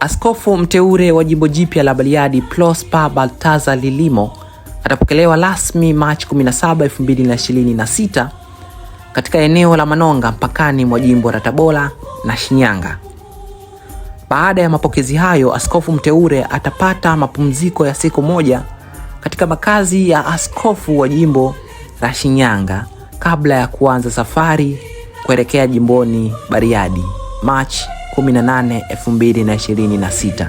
Askofu mteure wa jimbo jipya la Bariadi Prosper Baltazar Lilimo atapokelewa rasmi Machi 17, 2026 katika eneo la Manonga mpakani mwa jimbo la Tabora na Shinyanga. Baada ya mapokezi hayo, askofu mteure atapata mapumziko ya siku moja katika makazi ya askofu wa jimbo la Shinyanga kabla ya kuanza safari kuelekea jimboni Bariadi Machi 18,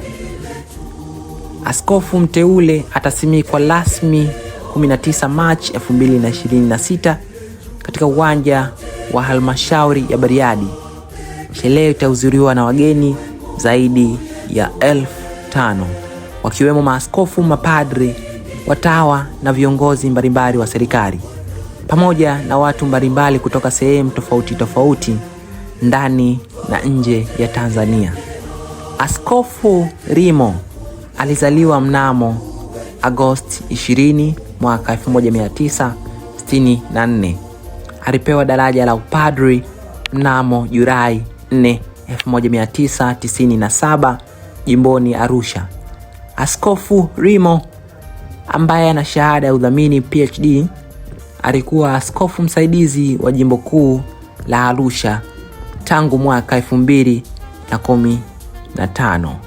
Askofu mteule atasimikwa rasmi 19 Machi 2026 katika uwanja wa halmashauri ya Bariadi. Sherehe itahudhuriwa na wageni zaidi ya elfu tano wakiwemo maaskofu, mapadri, watawa na viongozi mbalimbali wa serikali pamoja na watu mbalimbali kutoka sehemu tofauti tofauti ndani na nje ya Tanzania. Askofu Rimo alizaliwa mnamo Agosti 20 mwaka 1964. Alipewa daraja la upadri mnamo Julai 4, 1997 jimboni Arusha. Askofu Rimo ambaye ana shahada ya udhamini PhD alikuwa askofu msaidizi wa jimbo kuu la Arusha tangu mwaka elfu mbili na kumi na tano.